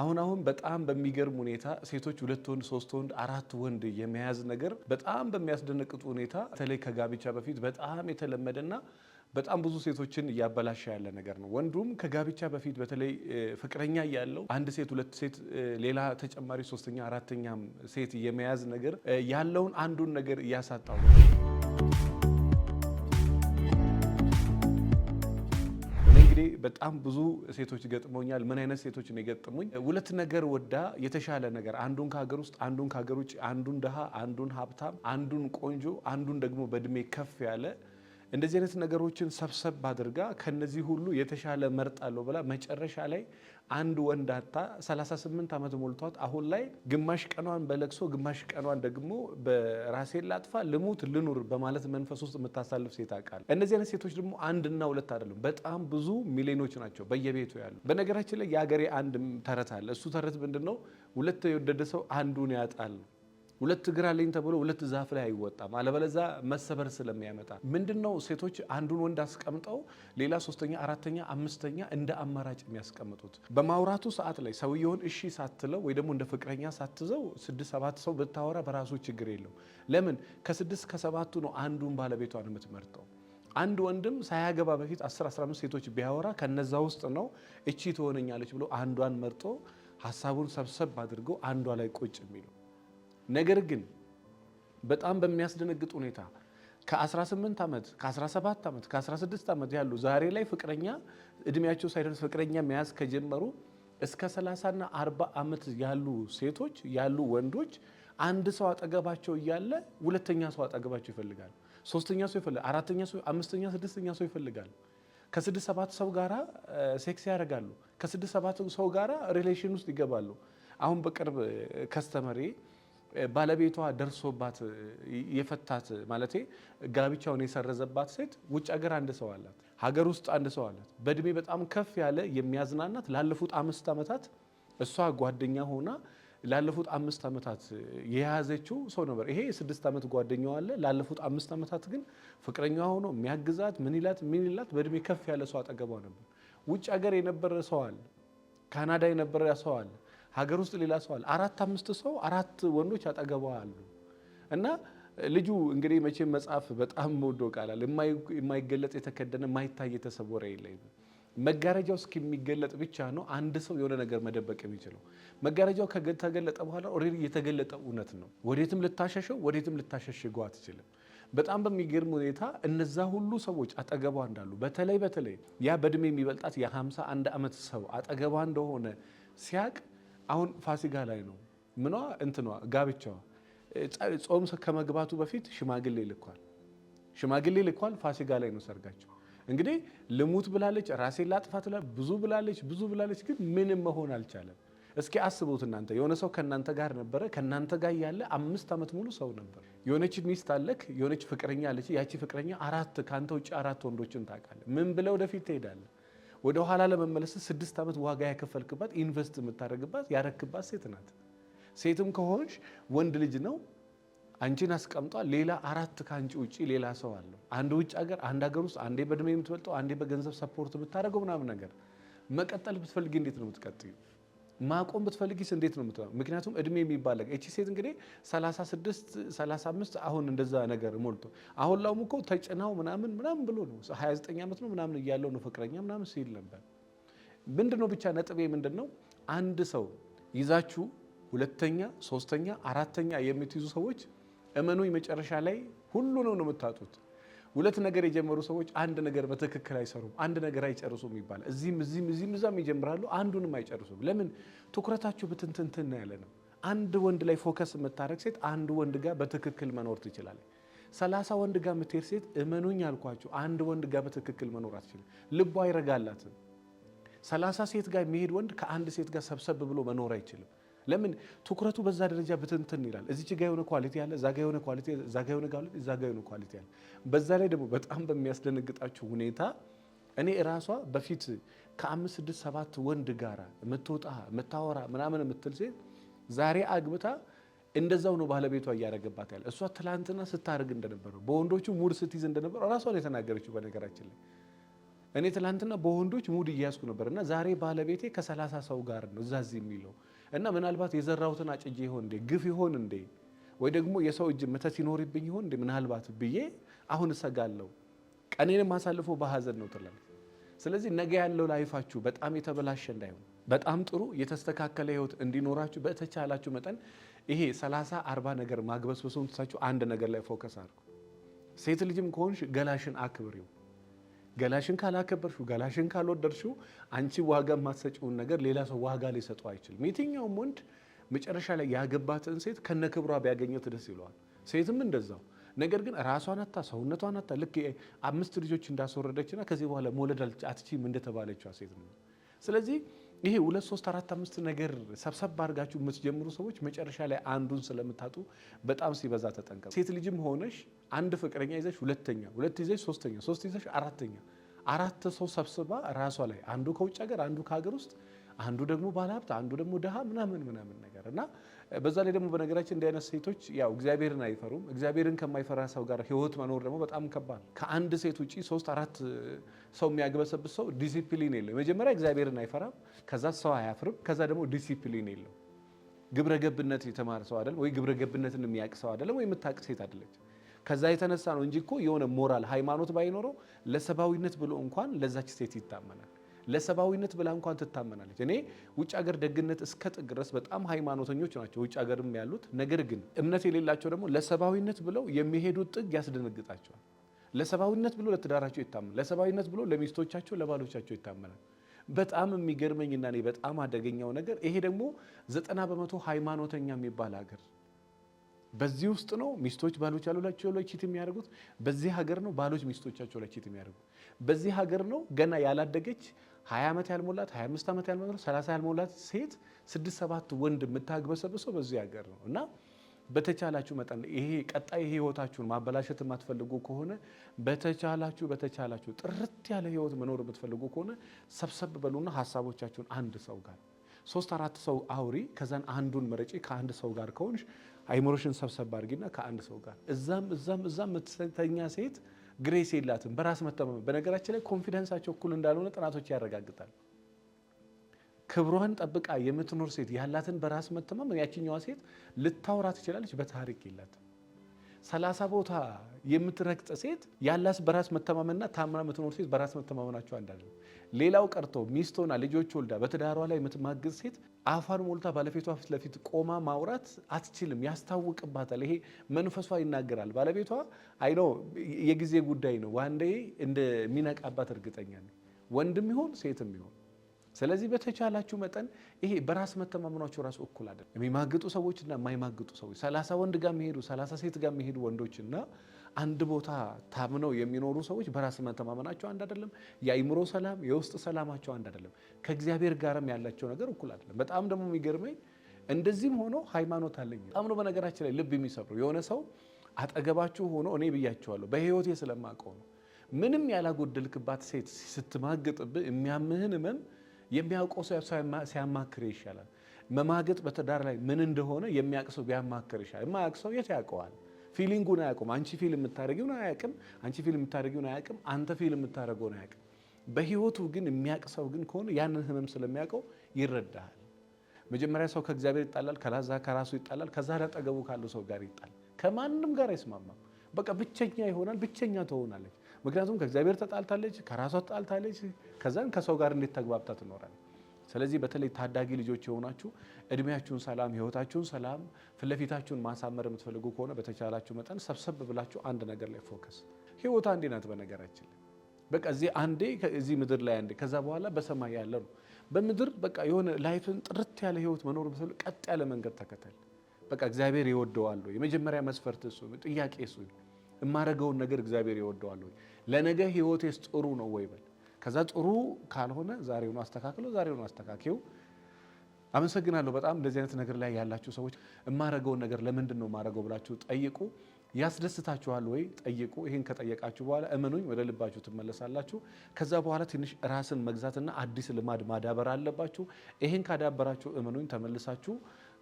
አሁን አሁን በጣም በሚገርም ሁኔታ ሴቶች ሁለት ወንድ ሶስት ወንድ አራት ወንድ የመያዝ ነገር በጣም በሚያስደነቅጡ ሁኔታ በተለይ ከጋብቻ በፊት በጣም የተለመደና በጣም ብዙ ሴቶችን እያበላሸ ያለ ነገር ነው። ወንዱም ከጋብቻ በፊት በተለይ ፍቅረኛ ያለው አንድ ሴት ሁለት ሴት ሌላ ተጨማሪ ሶስተኛ አራተኛም ሴት የመያዝ ነገር ያለውን አንዱን ነገር እያሳጣው ነው። እንግዲህ በጣም ብዙ ሴቶች ገጥመውኛል። ምን አይነት ሴቶች ነው የገጠሙኝ? ሁለት ነገር ወዳ የተሻለ ነገር አንዱን ከሀገር ውስጥ አንዱን ከሀገር ውጭ፣ አንዱን ድሃ አንዱን ሀብታም፣ አንዱን ቆንጆ አንዱን ደግሞ በእድሜ ከፍ ያለ እንደዚህ አይነት ነገሮችን ሰብሰብ አድርጋ ከነዚህ ሁሉ የተሻለ መርጣለሁ ብላ መጨረሻ ላይ አንድ ወንድ አታ 38 ዓመት ሞልቷት አሁን ላይ ግማሽ ቀኗን በለቅሶ ግማሽ ቀኗን ደግሞ በራሴን ላጥፋ ልሙት ልኑር በማለት መንፈስ ውስጥ የምታሳልፍ ሴት አውቃለሁ። እነዚህ አይነት ሴቶች ደግሞ አንድና ሁለት አይደሉም፣ በጣም ብዙ ሚሊዮኖች ናቸው በየቤቱ ያሉ። በነገራችን ላይ የሀገሬ አንድ ተረት አለ። እሱ ተረት ምንድን ነው? ሁለት የወደደ ሰው አንዱን ያጣል ነው ሁለት እግር አለኝ ተብሎ ሁለት ዛፍ ላይ አይወጣም። አለበለዛ መሰበር ስለሚያመጣ ምንድን ነው ሴቶች አንዱን ወንድ አስቀምጠው ሌላ ሶስተኛ፣ አራተኛ፣ አምስተኛ እንደ አማራጭ የሚያስቀምጡት በማውራቱ ሰዓት ላይ ሰውየውን እሺ ሳትለው ወይ ደግሞ እንደ ፍቅረኛ ሳትዘው ስድስት ሰባት ሰው ብታወራ በራሱ ችግር የለው። ለምን ከስድስት ከሰባቱ ነው አንዱን ባለቤቷን የምትመርጠው። አንድ ወንድም ሳያገባ በፊት 10 15 ሴቶች ቢያወራ ከነዛ ውስጥ ነው እቺ ትሆነኛለች ብሎ አንዷን መርጦ ሀሳቡን ሰብሰብ አድርገው አንዷ ላይ ቁጭ የሚለው ነገር ግን በጣም በሚያስደነግጥ ሁኔታ ከ18 ዓመት ከ17 ዓመት ከ16 ዓመት ያሉ ዛሬ ላይ ፍቅረኛ እድሜያቸው ሳይደርስ ፍቅረኛ መያዝ ከጀመሩ እስከ 30ና 40 ዓመት ያሉ ሴቶች ያሉ ወንዶች አንድ ሰው አጠገባቸው እያለ ሁለተኛ ሰው አጠገባቸው ይፈልጋል። ሶስተኛ ሰው ይፈልጋል። አራተኛ ሰው፣ አምስተኛ፣ ስድስተኛ ሰው ይፈልጋል። ከስድስት ሰባት ሰው ጋራ ሴክስ ያደርጋሉ። ከስድስት ሰባት ሰው ጋራ ሪሌሽን ውስጥ ይገባሉ። አሁን በቅርብ ከስተመሬ ባለቤቷ ደርሶባት የፈታት ማለቴ ጋብቻውን የሰረዘባት ሴት ውጭ ሀገር አንድ ሰው አላት፣ ሀገር ውስጥ አንድ ሰው አላት። በእድሜ በጣም ከፍ ያለ የሚያዝናናት ላለፉት አምስት ዓመታት እሷ ጓደኛ ሆና ላለፉት አምስት ዓመታት የያዘችው ሰው ነበር። ይሄ የስድስት ዓመት ጓደኛዋ አለ። ላለፉት አምስት ዓመታት ግን ፍቅረኛዋ ሆኖ የሚያግዛት ምን ይላት ምን ይላት በእድሜ ከፍ ያለ ሰው አጠገቧ ነበር። ውጭ ሀገር የነበረ ሰው አለ፣ ካናዳ የነበረ ሰው አለ ሀገር ውስጥ ሌላ ሰው አለ። አራት አምስት ሰው አራት ወንዶች አጠገቧ አሉ። እና ልጁ እንግዲህ መቼም መጽሐፍ በጣም መወደው ቃላል የማይገለጥ የተከደነ ማይታይ የተሰወረ የለም። መጋረጃው እስኪሚገለጥ ብቻ ነው አንድ ሰው የሆነ ነገር መደበቅ የሚችለው። መጋረጃው ከተገለጠ በኋላ ኦልሬዲ የተገለጠ እውነት ነው። ወዴትም ልታሸሸው ወዴትም ልታሸሽገው አትችልም። በጣም በሚገርም ሁኔታ እነዛ ሁሉ ሰዎች አጠገቧ እንዳሉ በተለይ በተለይ ያ በእድሜ የሚበልጣት የ51 ዓመት ሰው አጠገቧ እንደሆነ ሲያቅ አሁን ፋሲጋ ላይ ነው ምኗ እንትኗ ጋብቻዋ ጾም ከመግባቱ በፊት ሽማግሌ ልኳል። ሽማግሌ ልኳል። ፋሲጋ ላይ ነው ሰርጋቸው። እንግዲህ ልሙት ብላለች፣ ራሴን ላጥፋት ብዙ ብላለች፣ ብዙ ብላለች፣ ግን ምንም መሆን አልቻለም። እስኪ አስቡት እናንተ የሆነ ሰው ከእናንተ ጋር ነበረ። ከእናንተ ጋር ያለ አምስት ዓመት ሙሉ ሰው ነበር። የሆነች ሚስት አለክ፣ የሆነች ፍቅረኛ አለች። ያቺ ፍቅረኛ አራት ከአንተ ውጭ አራት ወንዶችን ታውቃለህ። ምን ብለው ወደፊት ትሄዳለህ? ወደ ኋላ ለመመለስ ስድስት ዓመት ዋጋ ያከፈልክባት ኢንቨስት የምታደርግባት ያረክባት ሴት ናት። ሴትም ከሆንሽ ወንድ ልጅ ነው አንቺን አስቀምጧል። ሌላ አራት ከአንቺ ውጭ ሌላ ሰው አለው። አንድ ውጭ ሀገር፣ አንድ ሀገር ውስጥ፣ አንዴ በእድሜ የምትበልጠው፣ አንዴ በገንዘብ ሰፖርት የምታደርገው ምናምን ነገር መቀጠል ብትፈልጊ እንዴት ነው የምትቀጥዩ? ማቆም ብትፈልጊስ እንዴት ነው የምትሆነው? ምክንያቱም እድሜ የሚባል ነገር እቺ ሴት እንግዲህ 36 35 አሁን እንደዛ ነገር ሞልቶ አሁን ላውም እኮ ተጭናው ምናምን ምናምን ብሎ ነው 29 ዓመት ነው ምናምን እያለው ነው ፍቅረኛ ምናምን ሲል ነበር። ምንድነው ብቻ ነጥቤ ነው አንድ ሰው ይዛችሁ ሁለተኛ፣ ሶስተኛ፣ አራተኛ የምትይዙ ሰዎች እመኑኝ መጨረሻ ላይ ነው ነው የምታጡት። ሁለት ነገር የጀመሩ ሰዎች አንድ ነገር በትክክል አይሰሩም፣ አንድ ነገር አይጨርሱም ይባላል። እዚህም እዚህም እዚህም እዛም ይጀምራሉ፣ አንዱንም አይጨርሱም። ለምን? ትኩረታችሁ ብትንትንትና ያለ ነው። አንድ ወንድ ላይ ፎከስ የምታደረግ ሴት አንድ ወንድ ጋር በትክክል መኖር ትችላለች። ሰላሳ ወንድ ጋር የምትሄድ ሴት እመኑኝ አልኳችሁ፣ አንድ ወንድ ጋር በትክክል መኖር አትችልም። ልቧ አይረጋላትም። ሰላሳ ሴት ጋር የሚሄድ ወንድ ከአንድ ሴት ጋር ሰብሰብ ብሎ መኖር አይችልም። ለምን ትኩረቱ በዛ ደረጃ ብትንትን ይላል። እዚች ጋ የሆነ ኳሊቲ ያለ፣ እዛ ጋ የሆነ ኳሊቲ፣ እዛ ጋ የሆነ ኳሊቲ፣ እዛ ጋ የሆነ ኳሊቲ ያለ። በዛ ላይ ደግሞ በጣም በሚያስደነግጣችሁ ሁኔታ እኔ ራሷ በፊት ከአምስት ስድስት ሰባት ወንድ ጋራ የምትወጣ የምታወራ ምናምን የምትል ሴት ዛሬ አግብታ እንደዛው ነው ባለቤቷ እያደረገባት ያለ። እሷ ትላንትና ስታደርግ እንደነበረው በወንዶቹ ሙድ ስትይዝ እንደነበረው እራሷ የተናገረችው በነገራችን ላይ እኔ ትላንትና በወንዶች ሙድ እያያዝኩ ነበር እና ዛሬ ባለቤቴ ከሰላሳ ሰው ጋር ነው እዛ እዚህ የሚለው እና ምናልባት የዘራሁትን አጭጄ ይሆን እንዴ ግፍ ይሆን እንዴ ወይ ደግሞ የሰው እጅ መተት ይኖርብኝ ይሆን እንዴ ምናልባት ብዬ አሁን እሰጋለሁ። ቀኔንም አሳልፎ በሀዘን ነው ትላል። ስለዚህ ነገ ያለው ላይፋችሁ በጣም የተበላሸ እንዳይሆን በጣም ጥሩ የተስተካከለ ህይወት እንዲኖራችሁ በተቻላችሁ መጠን ይሄ 30 40 ነገር ማግበስበሱን ትታችሁ አንድ ነገር ላይ ፎከስ አድርጉ። ሴት ልጅም ከሆንሽ ገላሽን አክብሪው። ገላሽን ካላከበርሹ ገላሽን ካልወደድሽው አንቺ ዋጋ የማትሰጭውን ነገር ሌላ ሰው ዋጋ ሊሰጠው አይችልም። የትኛውም ወንድ መጨረሻ ላይ ያገባትን ሴት ከነ ክብሯ ቢያገኘት ደስ ይለዋል። ሴትም እንደዛው። ነገር ግን ራሷን አታ ሰውነቷን አታ ልክ አምስት ልጆች እንዳስወረደችና ከዚህ በኋላ መውለድ አትችም እንደተባለችው ሴት ነው። ስለዚህ ይሄ ሁለት ሶስት አራት አምስት ነገር ሰብሰብ አድርጋችሁ የምትጀምሩ ሰዎች መጨረሻ ላይ አንዱን ስለምታጡ በጣም ሲበዛ ተጠንቀቁ። ሴት ልጅም ሆነሽ አንድ ፍቅረኛ ይዘሽ ሁለተኛ፣ ሁለት ይዘሽ ሶስተኛ፣ ሶስት ይዘሽ አራተኛ፣ አራት ሰው ሰብስባ ራሷ ላይ አንዱ ከውጭ ሀገር፣ አንዱ ከሀገር ውስጥ፣ አንዱ ደግሞ ባለሀብት፣ አንዱ ደግሞ ድሃ ምናምን ምናምን ነገር እና በዛ ላይ ደግሞ በነገራችን እንዲህ አይነት ሴቶች ያው እግዚአብሔርን አይፈሩም። እግዚአብሔርን ከማይፈራ ሰው ጋር ህይወት መኖር ደግሞ በጣም ከባድ። ከአንድ ሴት ውጭ ሶስት አራት ሰው የሚያግበሰብስ ሰው ዲሲፕሊን የለም። መጀመሪያ እግዚአብሔርን አይፈራም ከዛ ሰው አያፍርም። ከዛ ደግሞ ዲሲፕሊን የለው። ግብረ ገብነት የተማረ ሰው አይደለም ወይ ግብረ ገብነትን የሚያቅ ሰው አይደለም ወይ የምታቅ ሴት አይደለች። ከዛ የተነሳ ነው እንጂ እኮ የሆነ ሞራል ሃይማኖት ባይኖረው ለሰብአዊነት ብሎ እንኳን ለዛች ሴት ይታመናል። ለሰብአዊነት ብላ እንኳን ትታመናለች። እኔ ውጭ ሀገር ደግነት እስከ ጥግ ድረስ በጣም ሃይማኖተኞች ናቸው ውጭ ሀገርም ያሉት። ነገር ግን እምነት የሌላቸው ደግሞ ለሰብአዊነት ብለው የሚሄዱት ጥግ ያስደነግጣቸዋል። ለሰብአዊነት ብሎ ለትዳራቸው ይታመናል። ለሰብአዊነት ብሎ ለሚስቶቻቸው፣ ለባሎቻቸው ይታመናል። በጣም የሚገርመኝና እኔ በጣም አደገኛው ነገር ይሄ ደግሞ ዘጠና በመቶ ሃይማኖተኛ የሚባል ሀገር በዚህ ውስጥ ነው ሚስቶች ባሎች ያሉላቸው ላይ ቺት የሚያደርጉት። በዚህ ሀገር ነው ባሎች ሚስቶቻቸው ላይ ቺት የሚያደርጉት። በዚህ ሀገር ነው ገና ያላደገች 20 ዓመት ያልሞላት 25 ዓመት ያልሞላት 30 ያልሞላት ሴት ስድስት ሰባት ወንድ የምታግበሰብሰው በዚህ ሀገር ነው እና በተቻላችሁ መጠን ይሄ ቀጣይ ህይወታችሁን ማበላሸት የማትፈልጉ ከሆነ በተቻላችሁ በተቻላችሁ ጥርት ያለ ህይወት መኖር የምትፈልጉ ከሆነ ሰብሰብ በሉና ሀሳቦቻችሁን አንድ ሰው ጋር ሶስት አራት ሰው አውሪ። ከዛን አንዱን መረጪ። ከአንድ ሰው ጋር ከሆንሽ አይምሮሽን ሰብሰብ አድርጊና ከአንድ ሰው ጋር እዛም እዛም እዛም የምትተኛ ሴት ግሬስ የላትም፣ በራስ መተማመን። በነገራችን ላይ ኮንፊደንሳቸው እኩል እንዳልሆነ ጥናቶች ያረጋግጣል። ክብሯን ጠብቃ የምትኖር ሴት ያላትን በራስ መተማመን ያችኛዋ ሴት ልታወራ ትችላለች፣ በታሪክ የላት ሰላሳ ቦታ የምትረግጥ ሴት ያላት በራስ መተማመንና ታምራ የምትኖር ሴት በራስ መተማመናቸው አንዳለ። ሌላው ቀርቶ ሚስቶና ልጆች ወልዳ በትዳሯ ላይ የምትማግዝ ሴት አፏን ሞልታ ባለቤቷ ፊት ለፊት ቆማ ማውራት አትችልም፣ ያስታውቅባታል። ይሄ መንፈሷ ይናገራል። ባለቤቷ አይኖ የጊዜ ጉዳይ ነው፣ ዋንዴ እንደሚነቃባት እርግጠኛ ነኝ። ወንድም ይሆን ሴትም ይሆን ስለዚህ በተቻላችሁ መጠን ይሄ በራስ መተማመኗቸው ራሱ እኩል አይደለም። የሚማግጡ ሰዎችና የማይማግጡ ሰዎች፣ ሰላሳ ወንድ ጋር የሚሄዱ ሰላሳ ሴት ጋር የሚሄዱ ወንዶችና አንድ ቦታ ታምነው የሚኖሩ ሰዎች በራስ መተማመናቸው አንድ አይደለም። የአይምሮ ሰላም፣ የውስጥ ሰላማቸው አንድ አይደለም። ከእግዚአብሔር ጋርም ያላቸው ነገር እኩል አይደለም። በጣም ደግሞ የሚገርመኝ እንደዚህም ሆኖ ሃይማኖት አለኝ በጣም ነው በነገራችን ላይ ልብ የሚሰብረው የሆነ ሰው አጠገባችሁ ሆኖ እኔ ብያቸዋለሁ በህይወቴ ስለማውቀው ነው ምንም ያላጎደልክባት ሴት ስትማግጥብህ የሚያምህን ህመም የሚያውቀው ሰው ሲያማክር ይሻላል። መማገጥ በትዳር ላይ ምን እንደሆነ የሚያውቅ ሰው ቢያማክር ይሻላል። የማያውቅ ሰው የት ያውቀዋል? ፊሊንጉን አያውቁም። አንቺ ፊል የምታደርጊውን አያውቅም። አንቺ ፊል የምታደርጊውን አያውቅም። አንተ ፊል የምታደርገውን አያውቅም። በህይወቱ ግን የሚያውቅ ሰው ግን ከሆነ ያንን ህመም ስለሚያውቀው ይረዳሃል። መጀመሪያ ሰው ከእግዚአብሔር ይጣላል፣ ከላዛ ከራሱ ይጣላል፣ ከዛ አጠገቡ ካለው ሰው ጋር ይጣል። ከማንም ጋር አይስማማም። በቃ ብቸኛ ይሆናል። ብቸኛ ትሆናለች። ምክንያቱም ከእግዚአብሔር ተጣልታለች፣ ከራሷ ተጣልታለች። ከዛን ከሰው ጋር እንዴት ተግባብታ ትኖራለች? ስለዚህ በተለይ ታዳጊ ልጆች የሆናችሁ እድሜያችሁን ሰላም፣ ህይወታችሁን ሰላም፣ ፊትለፊታችሁን ማሳመር የምትፈልጉ ከሆነ በተቻላችሁ መጠን ሰብሰብ ብላችሁ አንድ ነገር ላይ ፎከስ። ህይወት አንዴ ናት። በነገራችን በቃ እዚህ አንዴ እዚህ ምድር ላይ አንዴ ከዛ በኋላ በሰማይ ያለ ነው። በምድር በቃ የሆነ ላይፍን ጥርት ያለ ህይወት መኖር ምትል ቀጥ ያለ መንገድ ተከተል። በቃ እግዚአብሔር ይወደዋል። የመጀመሪያ መስፈርት እሱ ጥያቄ እሱ የማደርገውን ነገር እግዚአብሔር ይወደዋል ወይ? ለነገ ህይወቴስ ጥሩ ነው ወይ በል። ከዛ ጥሩ ካልሆነ ዛሬውኑ አስተካክለው፣ ዛሬውኑ አስተካኪው። አመሰግናለሁ በጣም እንደዚህ አይነት ነገር ላይ ያላችሁ ሰዎች የማደርገውን ነገር ለምንድን ነው የማደርገው ብላችሁ ጠይቁ። ያስደስታችኋል ወይ ጠይቁ። ይህን ከጠየቃችሁ በኋላ እመኑኝ ወደ ልባችሁ ትመለሳላችሁ። ከዛ በኋላ ትንሽ ራስን መግዛትና አዲስ ልማድ ማዳበር አለባችሁ። ይህን ካዳበራችሁ እመኑኝ ተመልሳችሁ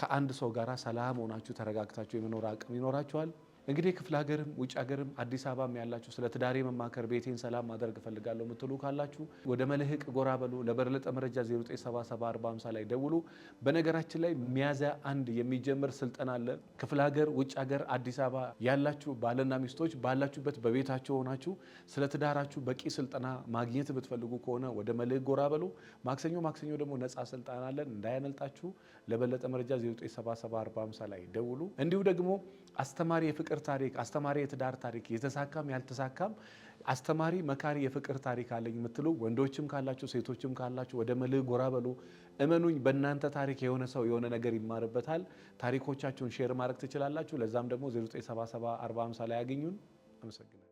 ከአንድ ሰው ጋር ሰላም ሆናችሁ ተረጋግታችሁ የመኖር አቅም ይኖራችኋል። እንግዲህ ክፍለ ሀገርም ውጭ ሀገርም አዲስ አበባም ያላችሁ ስለ ትዳሬ መማከር ቤቴን ሰላም ማድረግ እፈልጋለሁ የምትሉ ካላችሁ ወደ መልህቅ ጎራ በሉ። ለበለጠ መረጃ 097745 ላይ ደውሉ። በነገራችን ላይ ሚያዝያ አንድ የሚጀምር ስልጠና አለ። ክፍለ ሀገር፣ ውጭ ሀገር፣ አዲስ አበባ ያላችሁ ባልና ሚስቶች ባላችሁበት በቤታቸው ሆናችሁ ስለ ትዳራችሁ በቂ ስልጠና ማግኘት ብትፈልጉ ከሆነ ወደ መልህቅ ጎራ በሉ። ማክሰኞ ማክሰኞ ደግሞ ነፃ ስልጠና አለን እንዳያመልጣችሁ። ለበለጠ መረጃ 097745 ላይ ደውሉ። እንዲሁ ደግሞ አስተማሪ የፍቅር ታሪክ፣ አስተማሪ የትዳር ታሪክ የተሳካም ያልተሳካም አስተማሪ መካሪ የፍቅር ታሪክ አለኝ የምትሉ ወንዶችም ካላችሁ ሴቶችም ካላችሁ ወደ መልህ ጎራ በሉ። እመኑኝ በእናንተ ታሪክ የሆነ ሰው የሆነ ነገር ይማርበታል። ታሪኮቻችሁን ሼር ማድረግ ትችላላችሁ። ለዛም ደግሞ 097745 ላይ ያገኙን። አመሰግናለሁ።